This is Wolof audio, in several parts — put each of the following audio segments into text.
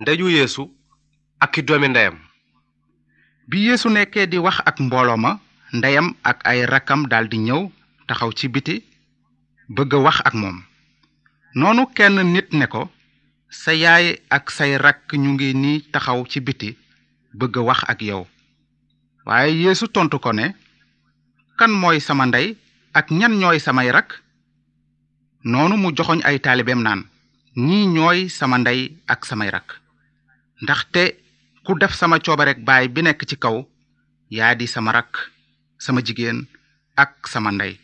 ndeyu yeesu ak doomi ndeyam bi yéesu nekkee di wax ak mbooloo ma ndeyam ak ay rakkam daldi ñëw taxaw ci biti bëgg wax ak moom noonu kenn nit ne ko sa yaay ak say rakk ñu ngi nii taxaw ci biti bëgg wax ak yow waaye yéesu tontu ko ne kan mooy sama ndey ak ñan ñooy samay rakk noonu mu joxoñ ay taalibeem naan ñii ñooy sama ndey ak samay rakk ndaxte ku def sama coba baay bi nekk ci kaw yaa di sama rak sama jigéen ak sama ndey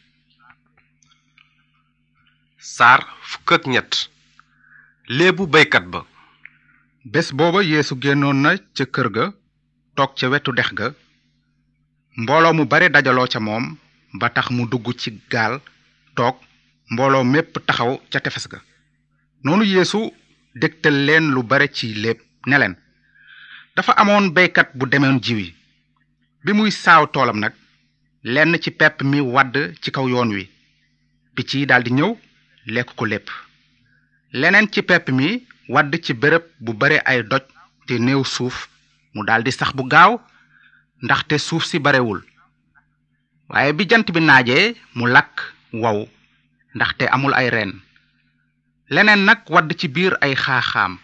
saar fukk ak ñett léebu baykat ba bés booba yeesu génnoon na ca kër ga toog ca wetu dex ga mbooloo mu bare dajaloo ca moom ba tax mu dugg ci gaal toog mbooloo mépp taxaw ca tefes ga noonu yeesu dégtal leen lu bare ci lépp ne leen dafa amoon béykat bu demoon jiwi bi muy saaw toolam nag lenn ci pepp mi wadd ci kaw yoon wi picc ci daldi ñëw lekk ko lépp leneen ci pepp mi wadd ci bërëb bu bare ay doj te néew suuf mu daldi sax bu gaaw ndaxte suuf si barewul waaye bi jant bi naajee mu lakk wow ndaxte amul ay reen leneen nag wadd ci biir ay xaaxaam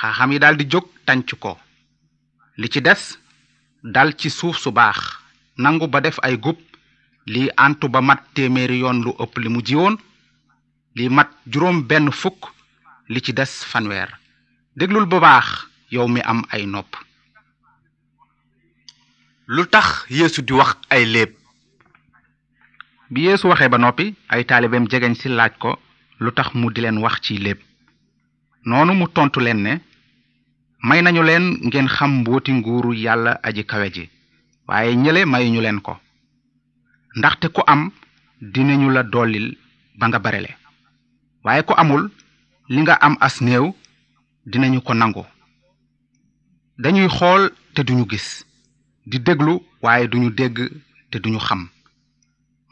xaaxam yi daldi jóg tànc ko li ci des dal ci suuf su baax nangu ba def ay gub lii antu ba mat téeméeri yoon lu ëpp li mu jiwoon lii mat juróom benn fukk li ci des fanweer déglul bu baax yow mi am ay nopp lu tax yeesu di wax ay léeb bi yéesu waxee ba noppi ay taalibeem jegeñ ci laaj ko lu tax mu di leen wax ci léeb noonu mu tontu leen ne may nañu leen ngeen xam mbooti nguuru yàlla aji kawe ji waaye ñële mayuñu leen ko ndaxte ku am dinañu la dollil ba nga bare le waaye ku amul li nga am as néew dinañu ko nangu dañuy xool te duñu gis di déglu waaye duñu dégg te duñu xam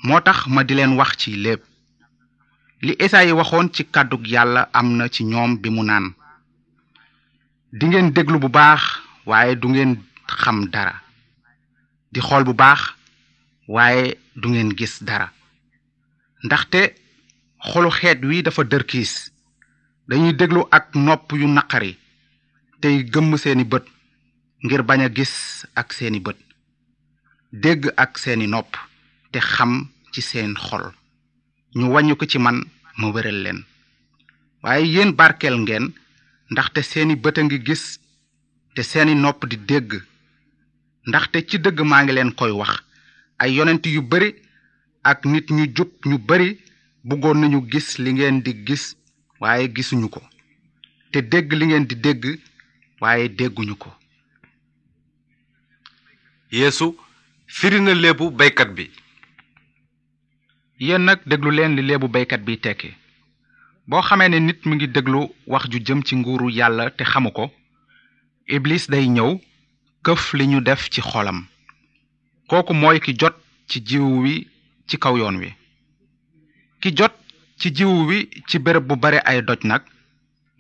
moo tax ma di leen wax ci lépp li esaayi waxoon ci kàddu yàlla am na ci ñoom bi mu naan dingeen déglu bu baax waaye du ngeen xam dara di xool bu baax waaye du ngeen gis dara ndaxte xolu xeet wi dafa dërkiis dañuy déglu ak nopp yu naqari tey gëmm seeni bët ngir bañ a gis ak seeni bët dégg ak seeni nopp te xam ci seen xol ñu wàññi ko ci man ma wéral leen waaye yéen barkeel ngeen ndaxte seeni bët a ngi gis te seeni nopp di dégg ndaxte ci dëgg maa ngi leen koy wax ay yonent yu bari ak nit ñu jub ñu bari bëggoon nañu gis li ngeen di gis waaye gisuñu ko te dégg li ngeen di dégg waaye dégguñu ko. Yeesu firi na léebu baykat bi. yéen nag déglu leen li léebu baykat bi tekki boo xamee ne nit mu ngi déglu wax ju jëm ci nguuru yàlla te xamu ko iblis day ñëw këf li ñu def ci xolam kooku mooy ki jot ci jiwu wi ci kaw yoon wi ki jot ci jiwu wi ci béréb bu bare ay doj nag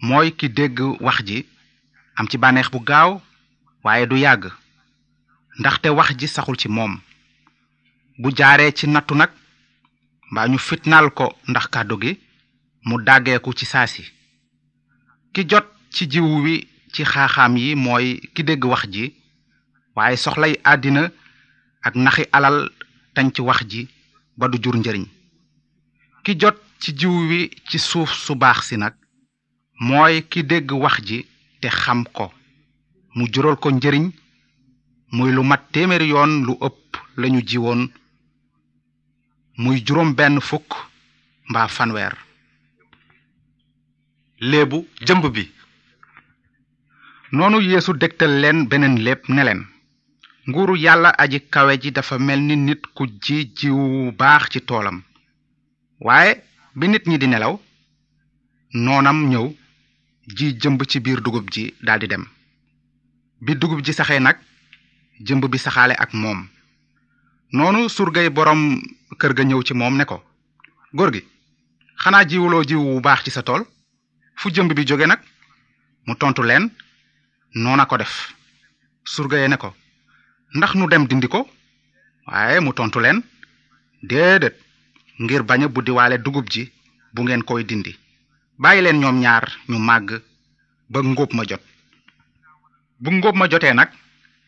mooy ki dégg wax ji am ci bànneex bu gaaw waaye du yàgg ndaxte wax ji saxul ci moom bu jaaree ci nattu nag mbaa ñu fitnaal ko ndax kàddu gi mu dàggeeku ci saa si ki jot ci jiw wi ci xaaxaam yi mooy ki dégg wax ji waaye soxlay àddina ak naxi alal tañ ci wax ji ba du jur njëriñ ki jot ci jiw wi ci suuf su baax si nag mooy ki dégg wax ji te xam ko mu jural ko njëriñ muy lu mat téeméeri yoon lu ëpp lañu jiwoon muy juróom fukk mbaa fanweer jëmb bi noonu yeesu dégtal leen beneen léeb ne leen nguuru yàlla aji kawe ji dafa mel ni nit ku ji jiwu baax ci toolam waaye bi nit ñi di nelaw noonam ñëw ji jëmb ci biir dugub ji daldi dem bi dugub ji saxe nag jëmb bi saxaale ak moom noonu surgay boroom kër ga ñëw ci moom ne ko góor gi xanaa jiwuloo jiw bu baax ci sa tool fu jëmb bi jóge nag mu tontu leen noona ko def surgaye ne ko ndax nu dem dindi ko waaye mu tontu leen déedéet ngir bañ a buddiwaale dugub ji bu ngeen koy dindi bàyyi leen ñoom ñaar ñu màgg ba ngóob ma jot bu ngóob ma jotee nag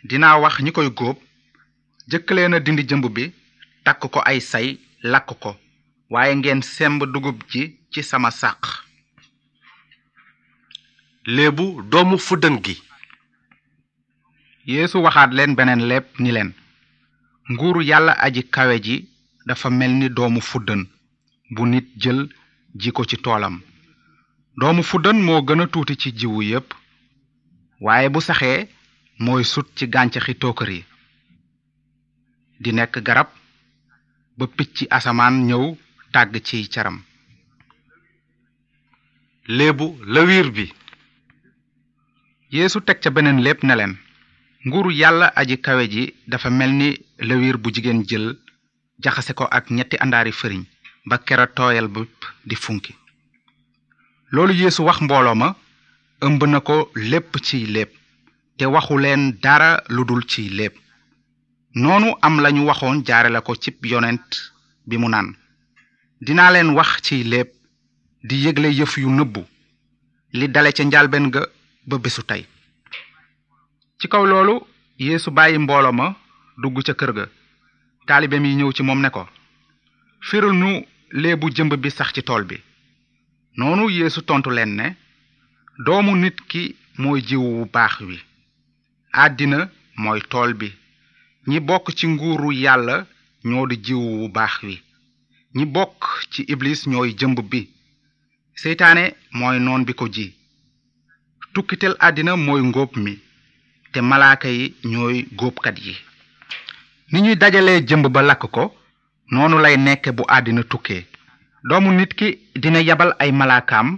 dinaa wax ñi koy góob jëkkaleen a dindi jëmb bi takk ko ay say lakk ko waaye ngeen semb dugub ji ci sama sàq léebu doomu fuddën gi yéesu waxaat leen beneen léeb ni leen nguur yàlla aji kawe ji dafa mel ni doomu fuddën bu nit jël ji ko ci toolam doomu fuddën moo gën a tuuti ci jiwu yépp waaye bu saxee mooy sut ci gàncaxi tookar yi di nekk garab ba picc asamaan ñëw tàgg ci caram léebu lawiir bi yeesu teg ca beneen lépp ne leen nguuru yàlla aji kawe ji dafa mel ni lawiir bu jigéen jël jaxase ko ak ñetti andaari fëriñ ba kera tooyal bépp di funki loolu yeesu wax mbooloo ma ëmb na ko ci lépp te waxu dara ludul ci lépp noonu am lañu waxoon jaare la ko cib yonent bi mu naan dinaa leen wax ciy léeb di yëgle yëf yu nëbbu li dale ca njalben ga ba bésu tey ci kaw loolu yéesu bàyyi mbooloo ma dugg ca kër ga taalibeem yi ñëw ci moom ne ko firul nu léebu jëmb bi sax ci tool bi noonu yéesu tontu leen ne doomu nit ki mooy jiw bu baax wi àddina mooy tool bi ñi bokk ci nguuru yàlla ñoo di jiw wu baax wi ñi bokk ci iblis ñooy jëmb bi seytaane mooy noon bi ko ji tukkitel àddina mooy ngóob mi te malaaka yi ñooy góobkat yi ni ñuy dajale jëmb ba lakk ko noonu lay nekk bu àddina tukkee doomu nit ki dina yabal ay malaakaam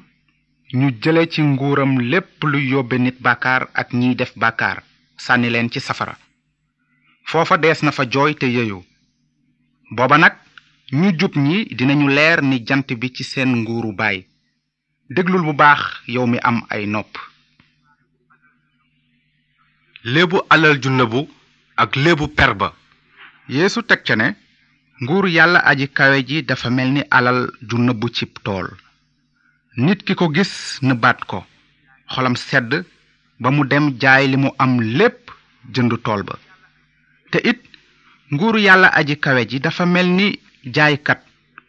ñu jële ci nguuram lépp lu yóbbe nit bàkkaar ak ñiy def bàkkaar sànni leen ci safara foofa dees na fa jooy te yeyu booba nag ñu jub ñi dinañu leer ni jant bi ci seen nguuru baay déglul bu baax yow mi am ay nopp léebu alal ju nëbbu ak léebu per ba yeesu teg ca ne nguuru yàlla aji kawe ji dafa mel ni alal ju nëbbu ci tool nit ki ko gis nëbbaat ko xolam sedd ba mu dem jaay li mu am lépp jënd tool ba te it nguuru yàlla aji kawe ji dafa mel ni jaaykat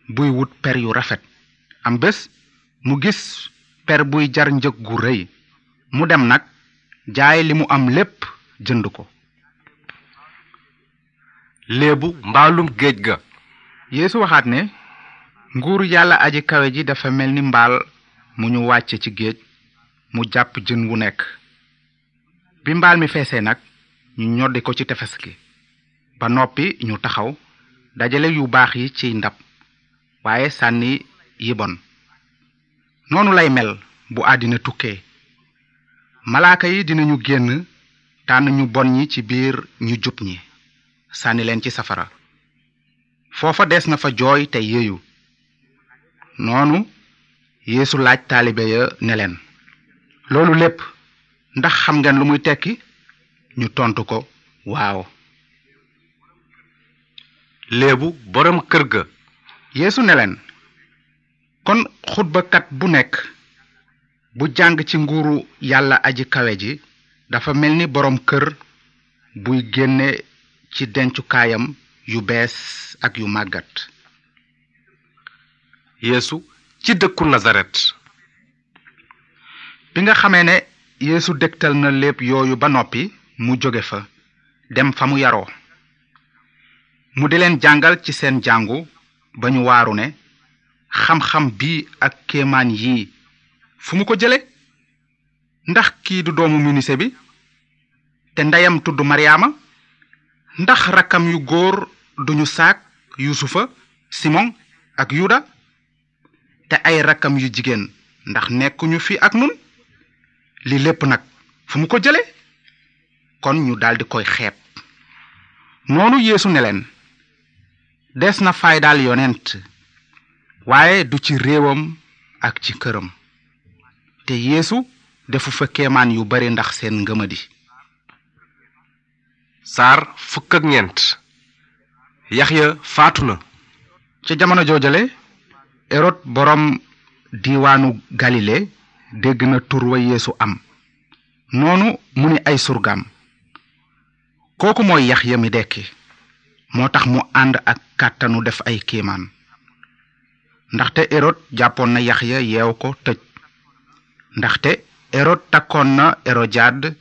buy wut per yu rafet am bés mu gis per buy jar njëg gu rëy mu dem nag jaay li mu am lépp jënd ko léebu mbaalum géej ga yeesu waxaat ne nguuru yàlla aji kawe ji dafa mel ni mbaal mu ñu wàcce ci géej mu jàpp jën wu nekk bi mbaal mi feesee nag ñu ñoddi ko ci tefes gi ba noppi ñu taxaw dajale yu baax yi ci ndab waaye sànni yi bon noonu lay mel bu àddina tukkee malaaka yi dinañu génn tànn ñu bon ñi ci biir ñu jub ñi sànni leen ci safara foofa des na fa jooy te yeeyu noonu yeesu laaj taalibe ya ne leen loolu lépp ndax xam ngeen lu muy tekki ñu tontu ko waaw léebu borom kër ga yeesu ne leen kon xutbakat bu nekk bu jàng ci nguuru yàlla aji kawe ji dafa mel ni borom kër buy génne ci dencukaayam yu bees ak yu màggat yéesu ci dëkku nazaret bi nga xamee ne yéesu dégtal na léeb yooyu ba noppi mu jóge fa dem fa mu yaroo mu di leen jàngal ci seen jàngu ba ñu waaru ne xam-xam bii ak kéemaan yii fu mu ko jële ndax kii du doomu munise bi te ndayam tudd mariama ndax rakam yu góor duñu saak yusufa simon ak yuda te ay rakam yu jigéen ndax nekkuñu fi ak nun li lépp nag fu mu ko jële kon ñu daldi koy xeeb noonu yeesu ne leen des na faydaal yonent waaye du ci réewam ak ci këram te yéesu defu fa keemaan yu bari ndax seen ngëmadi saar fukk ak ñeent yaxya faatu na ca jamono joojale erod boroom diwaanu galile dégg na turwa yéesu am noonu mu ni ay surgaam kooku mooy yaxya mi dekki motax mu and ak katanu def ay kéemaan ndaxte erod japon na yahya yew ko tëj ndaxte erod takon na erojad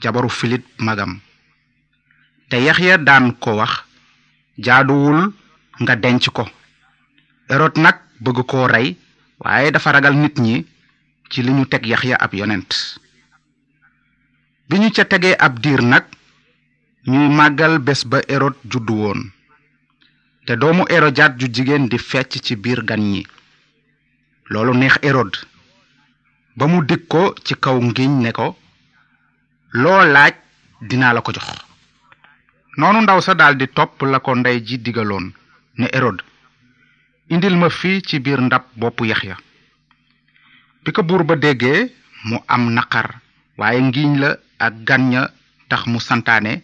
jabaru filit magam te yahya dan ko wax jaaduwul nga denc ko erod nak bëgg ko ray waye dafa ragal nit ñi ci liñu tek yahya ab yonent biñu ca tege ab dir nak ñuy màggal bés ba erod juddu woon te doomu erodiyaat ju jigéen di fecc ci biir gan ñi loolu neex erod ba mu dig ko ci kaw ngiñ ne ko loo laaj dinaa la ko jox noonu ndaw sa daldi topp la ko ndey ji digaloon ne erod indil ma fii ci biir ndab boppu ya bi ko buur ba déggee mu am naqar waaye ngiñ la ak gan ña tax mu santaane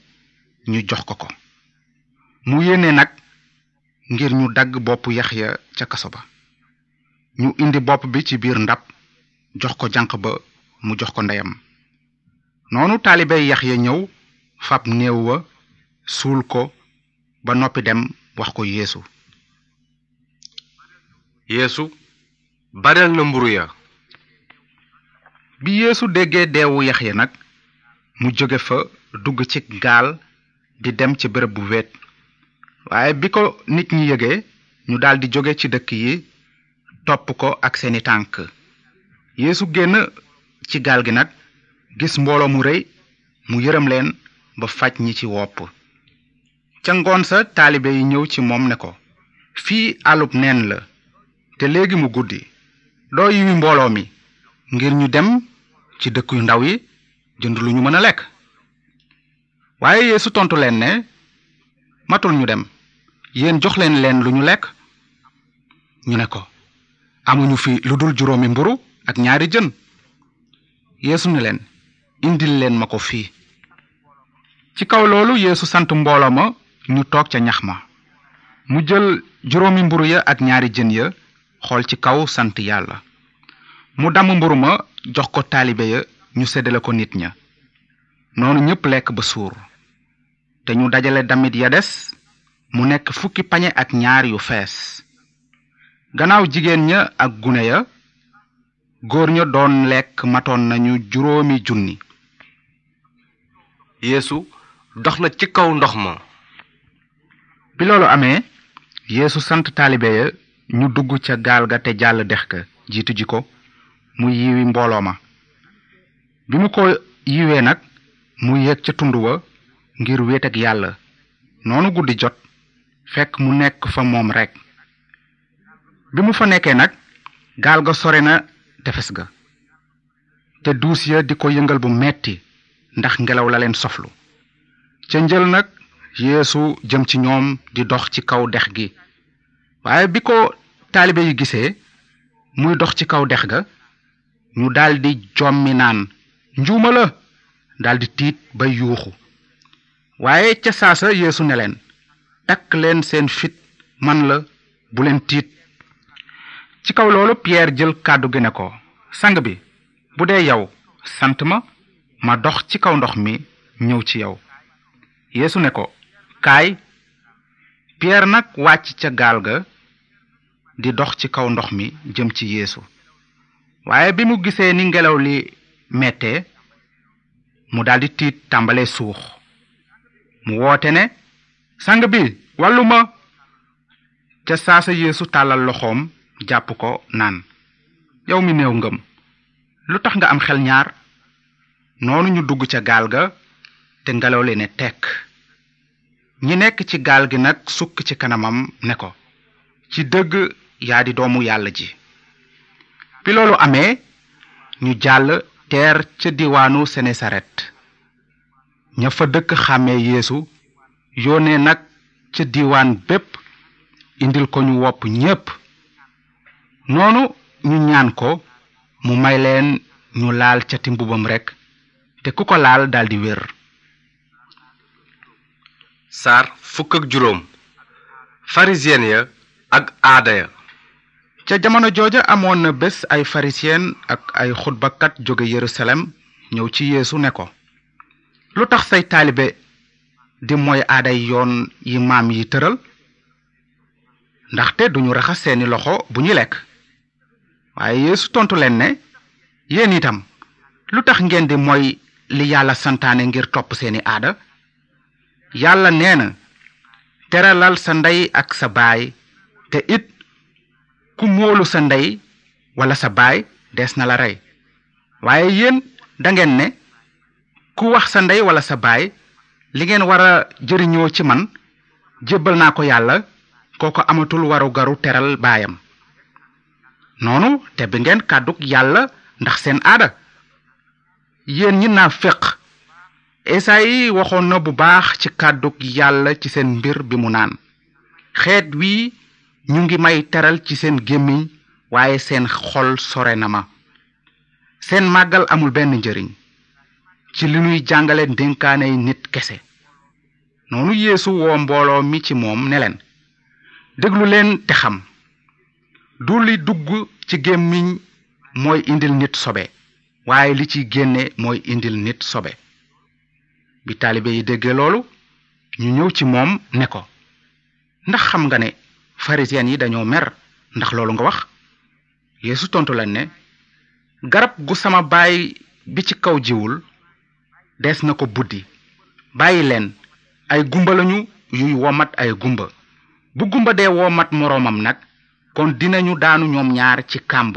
ñu jox ko ko mu yéene nag ngir ñu dagg bopp yax ya ca kaso ba ñu indi bopp bi ci biir ndab jox ko janq ba mu jox ko ndeyam noonu taalibe yax ya ñëw fab néew wa suul ko ba noppi dem wax ko yéesu yeesu bareel na mburu ya bi yeesu déggee deewu yax ya nag mu jóge fa dugg ci gaal di dem ci bërëb bu wet waaye bi ko nit ñi yëgee ñu daldi jóge ci dëkk yi topp ko ak seeni tànk yeesu génn ci gaal gi nag gis mbooloo mu rëy mu yërëm leen ba faj ñi ci wopp ca ngoon sa taalibe yi ñëw ci moom ne ko fii àllub neen la te léegi mu guddi doo yiwi mbooloo mi ngir ñu dem ci dëkk yu ndaw yi jënd lu ñu mën a lekk waaye yeesu tontu leen ne matul ñu dem yéen jox leen leen lu ñu lekk ñu ne ko amuñu fi lu dul juróomi mburu ak ñaari jën yeesu ne leen indil len ma ko fii ci kaw loolu yeesu sant mbooloo ma ñu toog ca ñax ma mu jël juróomi mburu ya ak ñaari jën ya xool ci kaw sant yàlla mu damm mburu ma jox ko taalibe ya ñu séddale ko nit ña noonu ñépp lekk ba suur te ñu dajale damit ya des mu nekk fukki pañe ak ñaar yu fees gannaaw jigéen ña ak gune ya góor ña doon lekk matoon nañu juróomi junni yeesu dox na ci kaw ndox ma bi loolu amee yéesu sant taalibe ya ñu dugg ca gaal ga te jàll dex ka jiitu ji ko mu yiwi mbooloo ma bi mu ko yiwee nag mu yéeg ca tund wa ngir wéet yàlla noonu guddi jot fekk mu nekk fa moom rekk bi mu fa nekkee nag gaal ga sore na tefes ga te duus ya di ko yëngal bu metti ndax ngelaw la leen soflu ca njël nag yeesu jëm ci ñoom di dox ci kaw dex gi waaye bi ko taalibe yi gisee muy dox ci kaw dex ga ñu daldi jommi naan njuuma la daldi tiit ba yuuxu waaye ca saasa yeesu ne leen takk leen seen fit man la bu leen tiit ci kaw loolu Pierre jël kàddu gi ko sang bi bu dee yow sant ma ma dox ci kaw ndox mi ñëw ci yow yeesu ne ko kaay Pierre nag wàcc ca gaal ga di dox ci kaw ndox mi jëm ci yéesu waaye bi mu gisee ni ngelaw li mettee mu daldi tiit tàmbalee suux mo wootene sang bi walluma ca saasa yeesu tàllal loxoom jàpp ko naan yow mi néew ngëm lu tax nga am xel ñaar noonu ñu dugg ca gaal ga te ngalaw leene tekk ñi nekk ci gaal gi nag sukk ci kanamam ne ko ci dëgg yaa di doomu yàlla ji bi loolu amee ñu jàll teer ca diwaanu senesaret ña fa dëkk xàmmee yéesu yónnee nag ca diwaan bépp indil ko ñu wopp ñépp noonu ñu ñaan ko mu may leen ñu laal ca timbubam rekk te ku ko laal daldi wér saar fukk ak juróom farisiyen ya ak aada ya ca jamono jooja amoon na bés ay farisiyen ak ay xutbakat jóge yerusalem ñëw ci yéesu ne ko lu tax say talibé di moy aaday yoon yi maam yi tëral ndaxte duñu raxas seeni loxo bu ñu lekk waaye yeesu tontu leen ne yéen itam lu tax ngeen di mooy li yàlla santaane ngir topp seeni aada yàlla nee na teralal sa ndey ak sa baay te it ku móolu sa ndey wala sa baay des na la rey waaye yéen da ngeen ne ku wax sa ndey wala sa baay li ngeen war a jëriñoo ci man jébbal naa ko yàlla kooko amatul waru garu teral baayam noonu bi ngeen kàdduk yàlla ndax seen aada yéen ñi naa feq esayi waxoon na bu baax ci kàdduk yàlla ci seen mbir bi mu naan xeet wii ñu ngi may teral ci seen gémmiñ waaye seen xol sore na ma seen màggal amul benn njëriñ ci li nuy jàngale dénkaane nit kese noonu yeesu woo mbooloo mi ci moom ne leen déglu leen te xam du li dugg ci gémmiñ mooy indil nit sobe waaye li ci génne mooy indil nit sobe bi taalibe yi déggee loolu ñu ñëw ci moom ne ko ndax xam nga ne pharisien yi dañoo mer ndax loolu nga wax yeesu tontu la ne garab gu sama baay bi ci kaw jiwul des na ko buddi bàyyi ay gumba lañu yuy womat ay gumba bu gumba dee womat moroomam nag kon dinañu daanu ñoom ñaar ci kàmb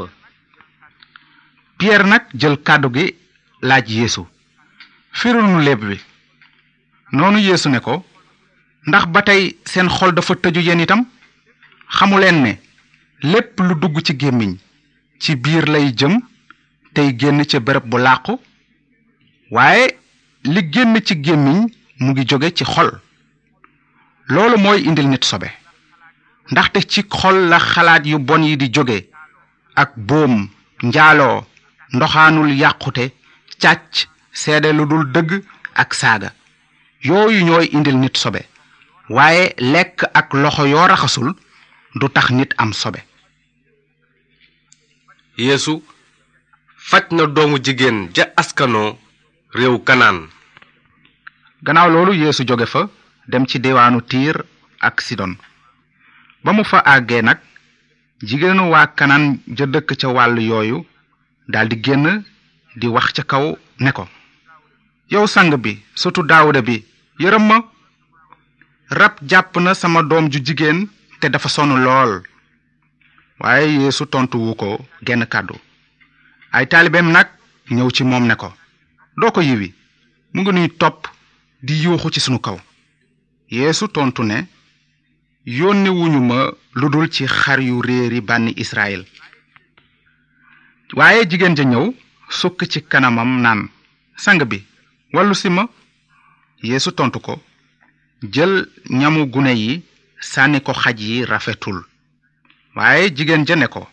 pierre nag jël kàddu gi laaj yeesu firunu léeb bi noonu yeesu ne ko ndax ba tey seen xol dafa tëju yen itam xamuleen ne lépp lu dugg ci gémmiñ ci biir lay jëm tey génn ca bërëb bu làqu waaye li génn ci gémmiñ mu ngi jóge ci xol loolu mooy indil nit sobe ndaxte ci xol la xalaat yu bon yi di jóge ak boom njaaloo ndoxaanul yàqute càcc seede lu dul dëgg ak saaga yooyu ñooy indil nit sobe waaye lekk ak loxo yoo raxasul du tax nit am sobe yeesu faj na doomu jigéen ja askanoo réew kanaan gannaaw loolu yeesu jóge fa dem ci diwaanu tiir ak sidon ba mu fa àggee nag jigéenu waa kanaan ja dëkk ca wàll yooyu daldi génn di wax ca kaw ne ko yow sang bi sotu daawuda bi yërëm ma rab jàpp na sama doom ju jigéen te dafa sonn lool waaye yeesu tontuwu ko genn kàddu ay taalibeem nag ñëw ci moom ne ko doo ko yiwi mu ngi nuy topp di yuuxu ci sunu kaw yeesu tontu ne yónne wuñu ma lu ci xar yu réeri bànni israel waaye jigéen ja ñëw sukk ci kanamam naan sang bi wàllu si ma yeesu tontu ko jël ñamu gune yi sànni ko xaj yi rafetul waaye jigéen ja ne ko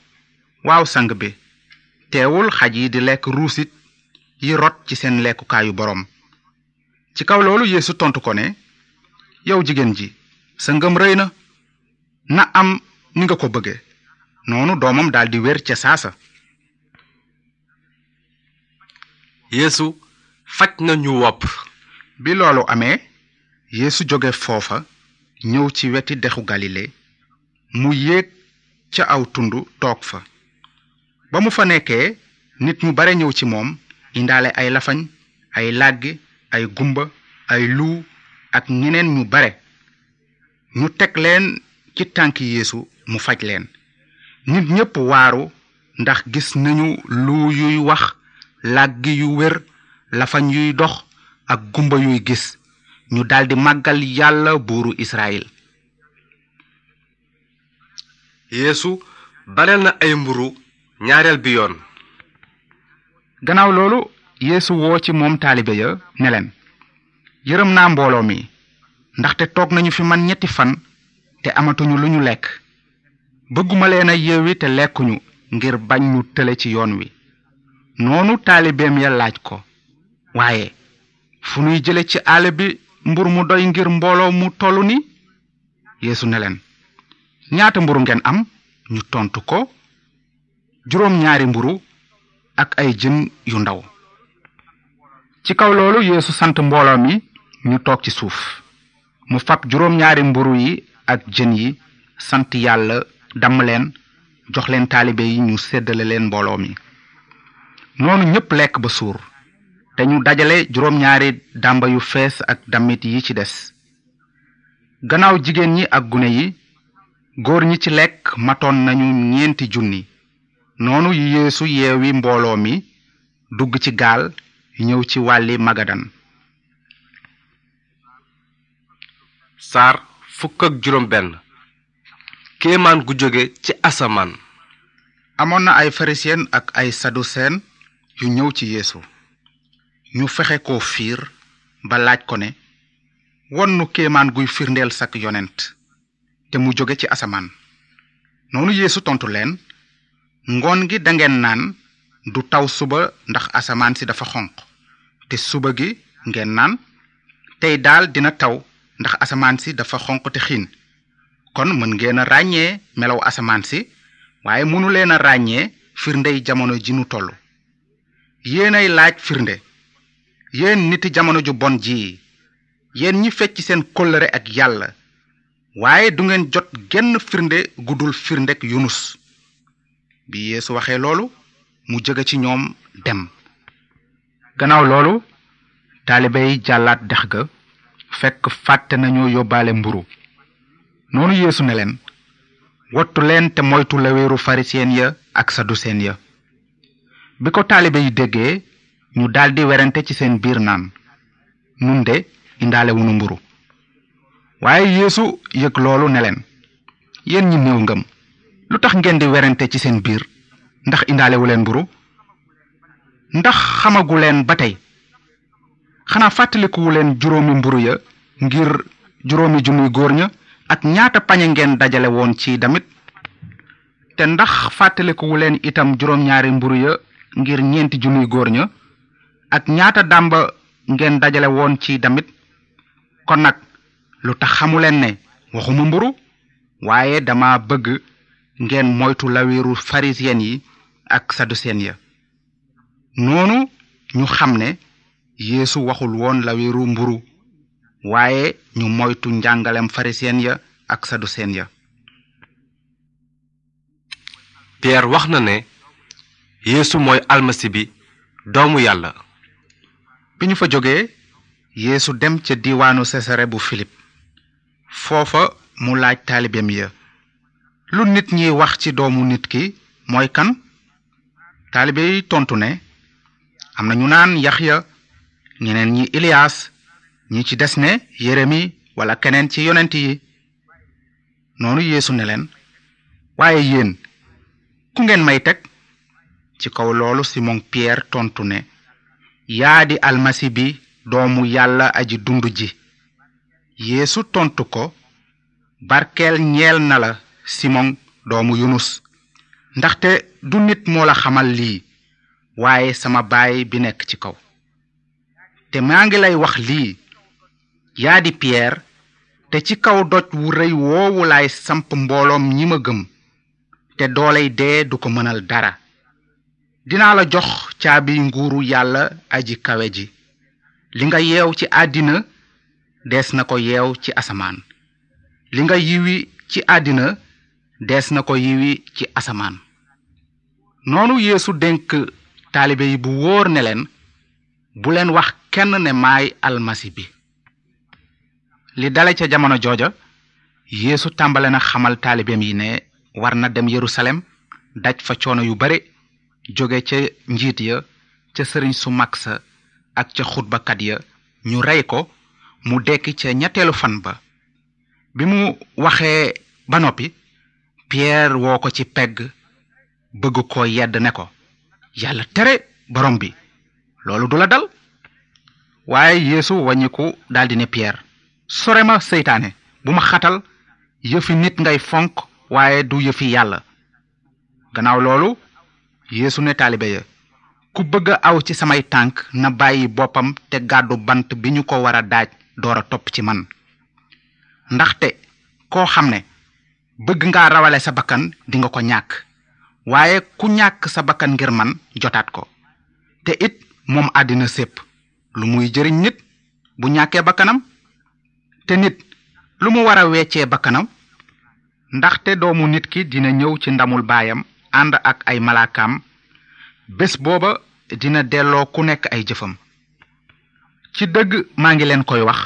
waaw sang bi teewul xaj yi di lekk ruusit yi rot ci seen lekkukaayu borom ci kaw loolu yeesu tontu ko ne yow jigéen ji sa ngëm rëy na na am ni nga ko bëgge noonu doomam daal di wér ca saasa yeesu faj na ñu wopp bi loolu amee yeesu joge foofa ñëw ci weti dexu galile mu yéeg ca aw tund toog fa ba mu fa nekkee nit ñu bare ñëw ci moom indaale ay lafañ ay làggi ay gumba ay lu ak ñeneen ñu bare ñu teg leen ci tànk yeesu mu faj leen nit ñépp waaru ndax gis nañu lu yuy wax làggi yu wér lafañ yuy dox ak gumba yuy gis ñu daldi màggal yàlla buuru israel yéesu baleel na ay mburu ñaareel bi yoon gannaaw loolu yeesu woo ci moom taalibe ya ne leen yërëm naa mbooloo mi ndaxte toog nañu fi man ñetti fan te amatuñu lu ñu lekk bëgguma leen a yeewi te lekkuñu ngir bañ ñu tële ci yoon wi noonu taalibeem ya laaj ko waaye fu nuy jële ci àll bi mbur mu doy ngir mbooloo mu tollu ni yeesu ne leen ñaata ngeen am ñu tontu ko juróom ñaari mburu ak ay jën yu ndaw ci kaw loolu yeesu sant mbooloo mi ñu toog ci suuf mu fab juróom ñaari mburu yi ak jën yi sant yàlla damm leen jox leen taalibe yi ñu séddale leen mbooloo mi noonu ñépp lekk ba suur te ñu dajale juróom ñaari dàmba yu fees ak damit yi ci des gannaaw jigéen ñi ak gune yi góor ñi ci lekk matoon nañu ñeenti junni noonu yeesu yeewi mbooloo mi dugg ci gaal ñew ci wàlli magadan sar fukk ak juróom benn kéemaan gu jóge ci asaman, amoon na ay pharisien ak ay saduseen yu ñëw ci yeesu ñu fexe ko fiir ba laaj ko ne wonnu kéemaan guy firndeel sak yonent te mu jóge ci asaman, noonu yeesu tontu leen ngoon gi da naan du taw suba ndax asamaan si dafa xonq te suba gi ngeen naan tey daal dina taw ndax asamaan si dafa xonq te xiin kon mën ngeen a ràññee melaw asamaan si waaye mënu leen a ràññee firndey jamono ji nu toll yéenay laaj firnde yéen niti jamono ju bon ji yéen ñi fecc seen kóllëre ak yàlla waaye du ngeen jot genn firnde gudul firndek yunus bi yeesu waxee loolu mu jëga ci ñoom dem gannaaw loolu taalibe yi jàllaat dex ga fekk fàtte nañoo yóbbaale mburu noonu yeesu ne leen wottu leen te moytu laweeru farisien ya ak saduseen ya bi ko taalibe yi déggee ñu daldi werante ci seen biir naan nun de indaale wunu mburu waaye yeesu yëg loolu ne leen yéen ñi néew ngëm lu tax ngeen di werante ci seen biir ndax indaale mburu ndax xamagu leen ba tey xanaa fàttalikuwu leen juróomi mburu ya ngir juróomi junniy góor ña ak ñaata pañe ngeen dajale woon ci damit te ndax fàttalikuwu leen itam juróom-ñaari mburu ya ngir ñeenti junniy góor ña ak ñaata dàmba ngeen dajale woon ci damit kon nag lu tax xamu leen ne waxuma mburu waaye dama bëgg ngeen moytu lawiru pharisien yi ak sadduseen ya noonu ñu xam ne yeesu waxul woon lawiru mburu waaye ñu moytu njàngalem fariseen ya ak saduseen ya Pierre wax na ne yeesu mooy almasi bi doomu yàlla bi ñu fa jógee yéesu dem ca diwaanu sesare bu filip foofa mu laaj taalibeem ya lu nit ñi wax ci doomu nit ki mooy kan taalibe yi tontu ne am na ñu naan yaxya ñeneen ñi ilias ñi ci des ne yeremi wala keneen ci yonent yi noonu yeesu ne leen waaye yéen ku ngeen may teg ci kaw loolu simon pierre tontu ne yaa di almasi bi doomu yàlla aji dund ji yeesu tontu ko barkeel ñeel na la simon doomu yunus ndaxte du nit moo la xamal lii waaye sama baay bi nekk ci kaw te maa ngi lay wax lii yaa di Pierre te ci kaw doj wu rëy woowu laay samp mbooloom ñi ma gëm te dooley dee du ko mënal dara dinaa la jox caabi nguuru yàlla aji kawe ji li nga yeew ci àddina des na ko yeew ci asamaan li nga yiwi ci àddina des na ko yiwi ci asamaan noonu yeesu denk taalibe yi bu wóor ne leen bu leen wax kenn ne maay almasi bi li dale ca jamono jooja yeesu tàmbale na xamal taalibeem yi ne war dem yerusalem daj fa coono yu bare jóge ca njiit ya ca sëriñ su mag sa ak ca xutbakat ya ñu rey ko mu dekki ca ñetteelu fan ba bi mu waxee ba noppi pierre woo ko ci pegg bëgg ko yedd ne ko yalla tere borom bi lolou dula dal waye yesu wàññiku daldi ne pierre Sorema seitané buma bu ma xatal nit ngay fonk waye du yeufi yalla. gannaaw lolou yesu ne talibé ya ku bëgg aw ci samay tank na bayyi bopam te gaddu bant biñu ko wara kohamne, daaj doora top ci man ndaxte bëgg nga rawale sa bakkan di nga ko ñàkk waaye ku ñàkk sa bakkan ngir man jotaat ko te it moom àddina sépp lu muy jëriñ nit bu ñàkkee bakkanam te nit lu mu war a weccee bakkanam ndaxte doomu nit ki dina ñëw ci ndamul baayam ànd ak ay malaakaam bés booba dina delloo ku nekk ay jëfam ci dëgg maa ngi leen koy wax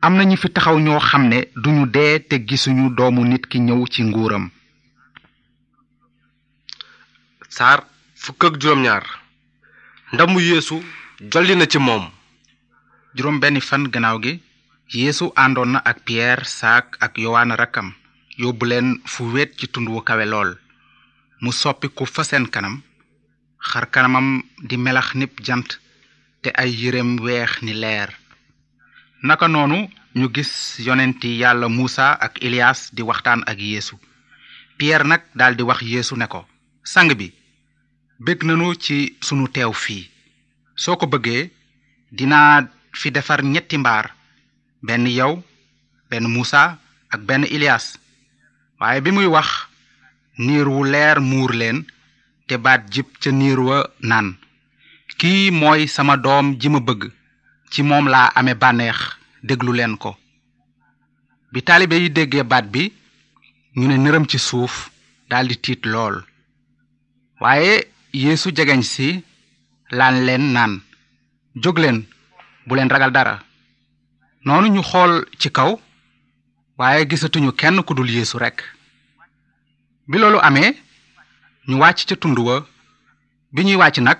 am na ñu fi taxaw ñoo xam ne duñu dee te gisuñu doomu nit ki ñëw ci nguuram saar fukk ak ndamu yeesu jolli na ci moom juróom benni fan gannaaw gi yéesu àndoon na ak piyeer saak ak yowaan rakkam yóbbu leen fu wéet ci tund wu kawe lool mu soppi ku fa seen kanam xar kanamam di melax nib jant te ay yéreem weex ni leer naka noonu ñu gis yonenti yàlla muusa ak iliyaas di waxtaan ak yéesu piyeer nag daldi wax yéesu ne ko sang bi bég nanu ci sunu teew fii soo ko bëggee dinaa fi defar ñetti mbaar benn yow benn Muusa ak benn Ilias waaye bi muy wax niir wu leer muur leen te baat jib ca niir wa naan kii mooy sama doom ji ma bëgg ci moom laa ame bànneex déglu leen ko bi taalibe yi déggee baat bi ñu ne nërëm ci suuf daldi tiit lool waaye yesu jegeñ si laan leen naan jóg leen bu leen ragal dara noonu ñu xool ci kaw waaye gisatuñu kenn ku dul yeesu rek bi loolu amee ñu wàcc ca tund wa bi ñuy wàcc nag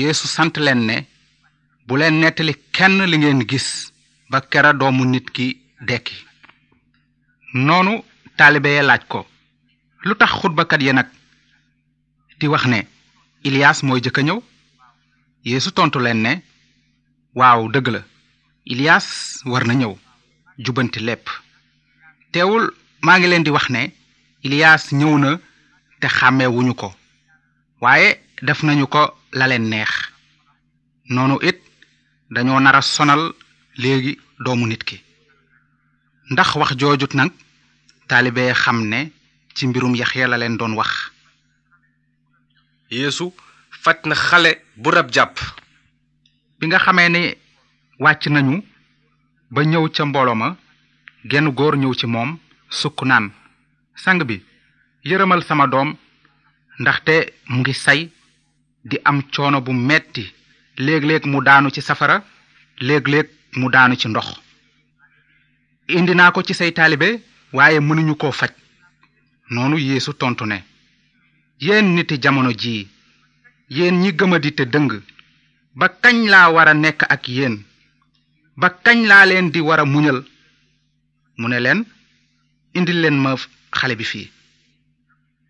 yeesu sant leen ne bu leen nettali kenn li ngeen gis ba kera doomu nit ki dekki noonu taalibe ya laaj ko lu tax xutbakat ye ya nag di wax ne Ilias mooy jëkk a ñëw yéesu tontu leen ne waaw dëgg la Ilias war na ñëw jubbanti lépp teewul maa ngi leen di wax ne Ilias ñëw na te xàmmewuñu ko waaye def nañu ko la leen neex noonu it dañoo nar a sonal léegi doomu nit ki ndax wax jooju nag taalibe xam ne ci mbirum ya la leen doon wax yeesu faj na xale bu jàpp bi nga xamee ne wàcc nañu ba ñëw ca mbooloo ma genn góor ñëw ci moom sukk naan sang bi yërëmal sama doom ndaxte mu ngi say di am coono bu metti léeg-léeg mu daanu ci safara léeg-léeg mu daanu ci ndox indi naa ko ci say taalibe waaye mënuñu koo faj noonu yeesu tontu ne Yen niti jamono ji yen ñi di te dëng ba kañ laa war a nekk ak yen ba kañ laa leen di wara a muñal mu ne leen indil leen ma xale bi fii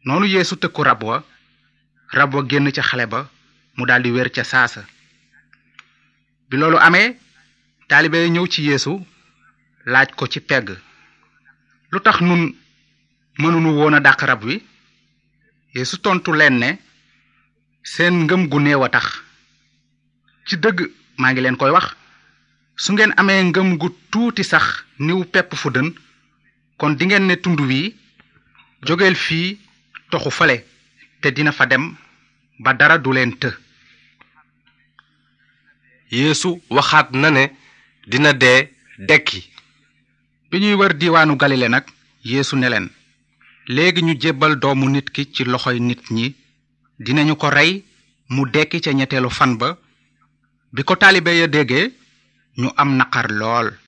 noonu yeesu tëkku rab wa rab wa génn ca xale ba mu daldi wér ca saasa bi loolu amee taalibe ñëw ci yeesu laaj ko ci pegg lu nun mënunu woon a dàq rab wi Yeesu tontu leen ne seen ngëm gu néew a tax ci dëgg maa ngi leen koy wax su ngeen amee ngëm gu tuuti sax niw pepp fu dën kon dingeen ne tund wii jógeel fii toxu fale te dina fa dem ba dara du leen të Yeesu waxaat na ne dina dee dekki bi ñuy wër diwaanu Galile nag yéesu ne leen léegi ñu jébbal doomu nit ki ci loxoy nit ñi dinañu ko rey mu dekki ca ñetteelu fan ba bi ko taalibe ya déggee ñu am naqar lool